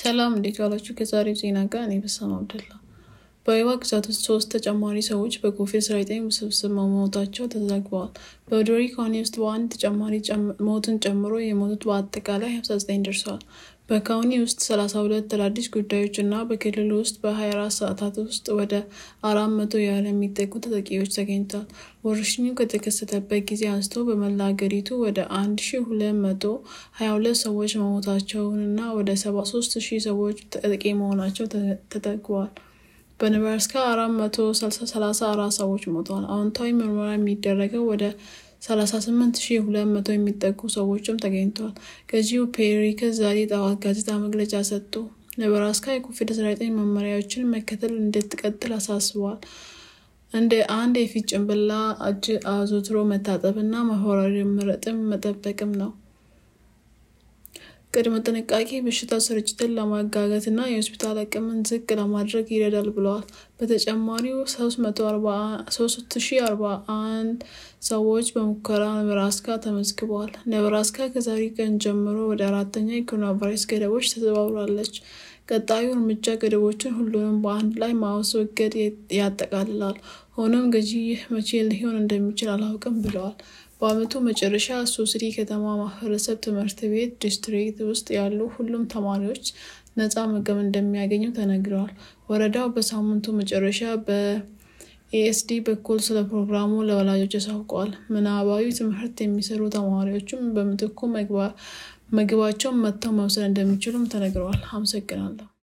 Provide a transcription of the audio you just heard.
ሰላም እንዴት ዋላችሁ? ከዛሬው ዜና ጋር እኔ በሰማ አብደላ በአይዋ ግዛት ውስጥ ሶስት ተጨማሪ ሰዎች በኮቪድ-19 ውስብስብ መሞታቸው ተዘግበዋል። በዶሪ ካውንቲ ውስጥ በአንድ ተጨማሪ ሞትን ጨምሮ የሞቱት በአጠቃላይ 59 ደርሰዋል። በካውንቲ ውስጥ 32 አዳዲስ ጉዳዮች እና በክልል ውስጥ በ24 ሰዓታት ውስጥ ወደ 400 ያህል የሚጠጉ ተጠቂዎች ተገኝተዋል። ወረርሽኙ ከተከሰተበት ጊዜ አንስቶ በመላ ሀገሪቱ ወደ 1222 ሰዎች እና ወደ 73 ሺህ ሰዎች ተጠቂ መሆናቸው ተጠግበዋል በኔብራስካ 434 ሰዎች ሞተዋል። አዎንታዊ ምርመራ የሚደረገው ወደ 38200 የሚጠጉ ሰዎችም ተገኝተዋል። ገዢው ፔሪ ዛሬ ጠዋት ጋዜጣ መግለጫ ሰጡ። ነበራስካ የኮቪድ-19 መመሪያዎችን መከተል እንድትቀጥል አሳስበዋል። እንደ አንድ የፊት ጭንብላ እጅ አዘውትሮ መታጠብ እና መራራዊ ምርመራን መጠበቅም ነው። ቅድመ ጥንቃቄ በሽታ ስርጭትን ለማጋገት እና የሆስፒታል አቅምን ዝቅ ለማድረግ ይረዳል ብለዋል። በተጨማሪው 341 ሰዎች በሙከራ ነብራስካ ተመዝግበዋል። ነብራስካ ከዛሬ ቀን ጀምሮ ወደ አራተኛ የኮሮና ቫይረስ ገደቦች ተዘባብራለች። ቀጣዩ እርምጃ ገደቦችን ሁሉንም በአንድ ላይ ማስወገድ ያጠቃልላል። ሆኖም ገዢ ይህ መቼ ሊሆን እንደሚችል አላውቅም ብለዋል። በዓመቱ መጨረሻ ሱስሪ ከተማ ማህበረሰብ ትምህርት ቤት ዲስትሪክት ውስጥ ያሉ ሁሉም ተማሪዎች ነፃ ምግብ እንደሚያገኙ ተነግረዋል። ወረዳው በሳምንቱ መጨረሻ በኤኤስዲ በኩል ስለ ፕሮግራሙ ለወላጆች ያሳውቀዋል። ምናባዊ ትምህርት የሚሰሩ ተማሪዎችም በምትኩ ምግባቸውን መጥተው መውሰድ እንደሚችሉም ተነግረዋል። አመሰግናለሁ።